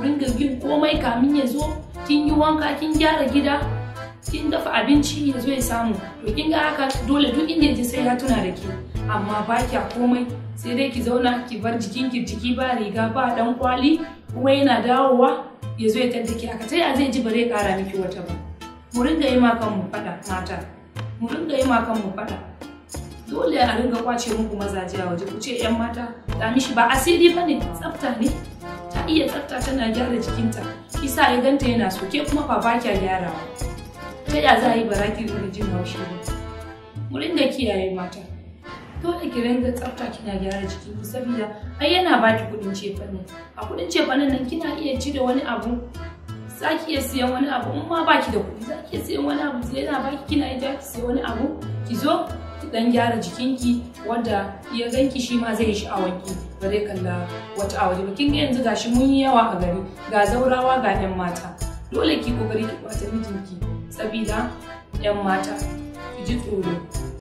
ku ringa yin komai kamin ya zo kin yi wanka kin gyara gida kin dafa abinci ya zo ya samu to kin ga haka dole duk inda ji sai ya tuna da ke amma ba kya komai sai dai ki zauna ki bar jikin ki jiki ba riga ba dan kwali kuma yana dawowa ya zo ya tadda ki haka sai a zai ji ba zai kara miki wata ba mu ringa yi ma kanmu fada mata mu ringa yi ma kanmu fada dole a ringa kwace muku mazaje a waje ku ce yan mata da mishi ba asiri ba tsafta ne iya tsafta tana gyara jikinta isa ya ganta yana so ke kuma ba ba kya gyarawa ta ya za a yi baraki da jin haushi ba mu ringa kiyaye mata dole ki ringa tsafta kina gyara ku saboda ai yana baki kuɗin cefanen a kuɗin cefanen nan kina iya da wani abu Zaki ki iya siyan wani abu in ma ba ki da kuɗi za ki iya siyan wani abu yana ba ki kina ita ki siya wani abu ki zo ki dan gyara jikinki wanda ya ganki shi ma zai yi sha'awanki ba zai kalla wata a waje ba kin ga yanzu gashi mun yi yawa a gari ga zaurawa ga 'yan mata dole ki kokari ki ɓata mijinki sabida 'yan mata ki ji tsoro